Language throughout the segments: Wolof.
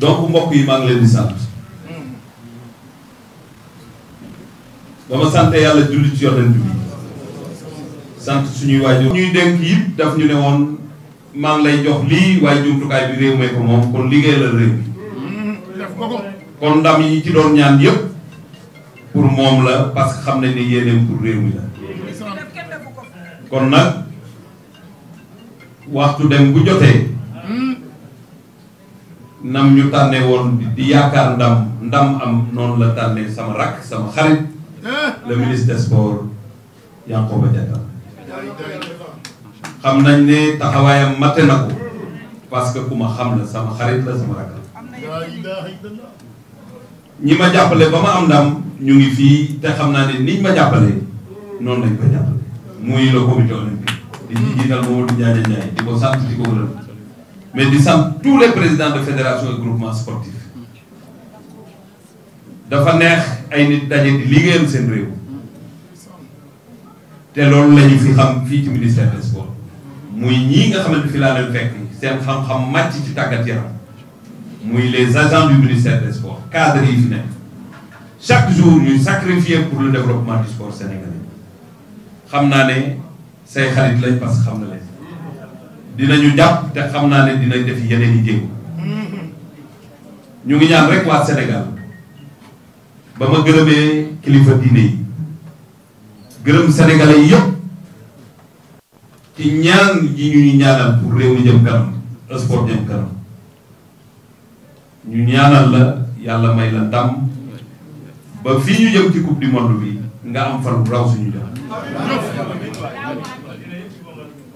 donc mbokk yi maa ngi leen di sant dama sant yàlla julli ci yonent bi sant suñuy waajur ñuy dénk yëpp daf ñu ne woon maa lay jox lii waaye jumtukaay bi réew mee ko moom kon liggéey la réew mm, kon ndam yi ci doon ñaan yëpp pour moom la parce que xam nañ ne yéeneem pour réew mi la kon nag waxtu dem bu jotee mm. nam ñu tànnee woon di yaakaar ndam ndam am noonu la tànnee sama rakk sama xarit eh. le ministre des sports Yankhoba Diattara xam nañ ne taxawaayam matte na ko parce que ku xam na sama xarit la sama rakk ñi ma jàppale ba ma am ndam ñu ngi fii te xam naa ne niñ ma jàppale noonu lañ ko jàppale muy le comité olympique di ci jiital Mamadou Ndiaye di ko sant di ko gërëm mais di sant tous président de fédération et groupement sportif dafa neex ay nit daje di liggéeyal seen réew te loolu la fi xam fii ci ministère muy ñii nga xamante fi laa fekk seen xam-xam màcc ci tàggat yaram muy les agents du ministère des sports cadres yi fi nekk chaque jour ñuy sacrifier pour le développement du sport sénégalais xam naa ne say xarit lañ parce que xam na leen dinañu jàpp te xam naa ne dinañ def yeneen yi jéego ñu ngi ñaan rek waa Sénégal ba ma gërëmee kilifa diine yi gërëm sénégalais yëpp. ci ñaan ji ñu ñaanal pour réew mi jëm kanam sport jëm kanam ñu ñaanal la yàlla may la ndam ba fii ñu jëm ci coupe du monde bi nga am fan raw suñu jox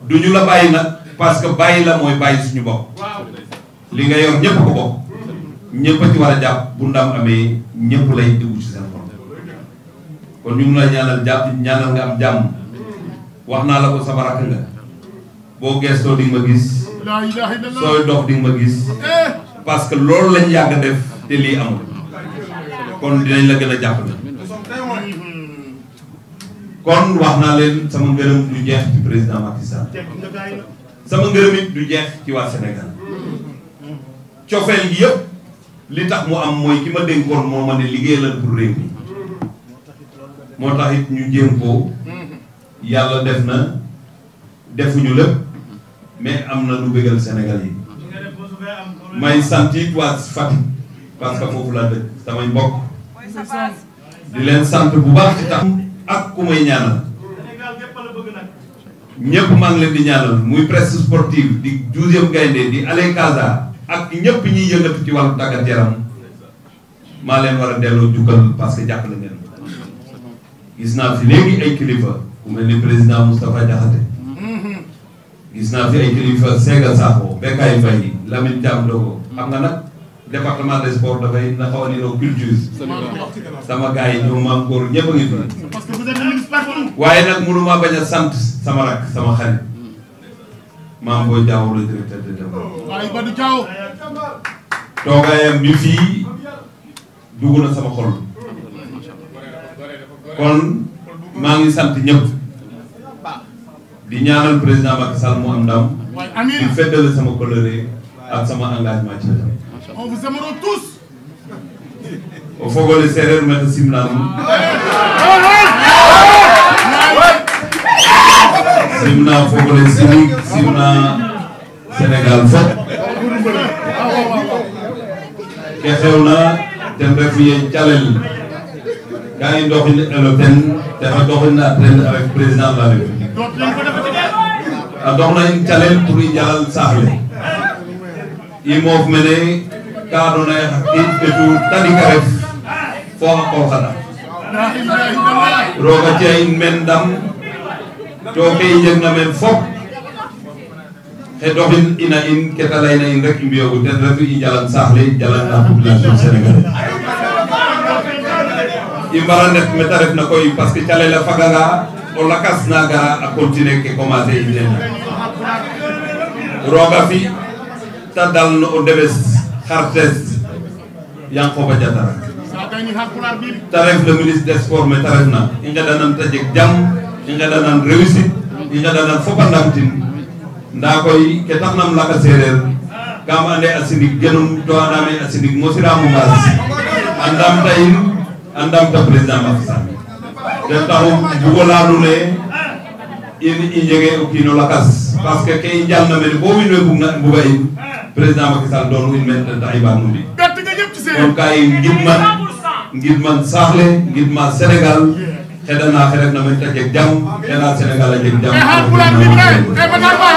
du ñu la bàyyi nag parce que bàyyi la mooy bàyyi suñu bopp li nga yor ñëpp ko bokk ñëpp war a jàpp bu ndam amee ñëpp lay diwu ci seen xol kon ñu mun a ñaanal jàpp ñaanal nga am jàmm. wax naa la ko sama rakk nga boo gestoo di nga ma gis sooy dox di ma gis eh. parce que loolu lañ yàgg def te lii amul kon dinañ la gën a jàpp na kon wax naa leen sama ngërëm du jeex ci président Macky sama ngërëm it du jeex ci waa Sénégal cofeel gi yëpp li tax mu am mooy ki ma dénkoon moo ma ne liggéeyal pour réew mi moo tax ñu jéem yàlla def na defuñu lépp mais am na lu bëggal Sénégal yi may sant it waa Fatick parce que foofu laa dëkk samay mbokk di leen sant bu baax ci tax ak ku may ñaanal ñëpp maa leen di ñaanal muy presse sportive di douzième gaynde di Allez Casa ak ñëpp ñiy yëngatu ci wàllu tàggat yaram maa leen war a delloo jukkal parce que jàppale ngeen gis naa fi léegi ay kilifa ku mel ni président Moustapha Diakhaté gis naa fi ay kilifa Séga Sakho Bekay Faye Lamine Thiam Dogo xam nga nag département des dafay na xaw a niroo sama gars yi maam góor ñëpp a ngi fi waaye nag mënu maa bañ sant sama rak sama xarit maam booy Diaw le directeur de développement toogaayam bi fii dugg na sama xol kon maa ngi sant ñëpp di ñaanal président Macky Sall am ndam di feddale sama coloré ak sama engagement ci o fogole séeréer mete simnanum simna fogole Sénégal ke xewna ten refu ye calel ga i doxin elo ten texa doxin na ten président la République doxnañ calel pour jalal saaxle i moof mene ka andoona yee xa qiic etu tadik a ref fo xa qoox ala roog a ci'a in men ndam to ke i njegna meen fop xe doxin ina in ke ta layna in rek i mbi'oogu ten refu i njalan saaxle i jalan la population sénégalaise i mbara ndet me ta refna koy parce que calel a faganga o lakasna gara a continuer ke commencé i nena fi ta dalno o ndeɓes xartes Yankhoba Diattara ta ref le ministre des sports me ta refna i nqeɗanan ta jeg jam i nqeɗanan réussite i nqeɗanan fop a ndamtin ndaa koy ke taxnam laka seereer kam ande a sinig genum to andaam ee a sinig mosiraam o ngaas a ndamta in a ndamta président Macky Sall nde taxu bugolaaɗo ne in i njegee o lakas parce que ke i njalna mene bo wiin we bugna mbuga in président Macky Sall doonu in meen ten tax i mbaag no mbi kon ka i ngidman ngidman saax le ngidma Sénégal xeɗana xe ta jeg jam xena Sénégal a jeg jam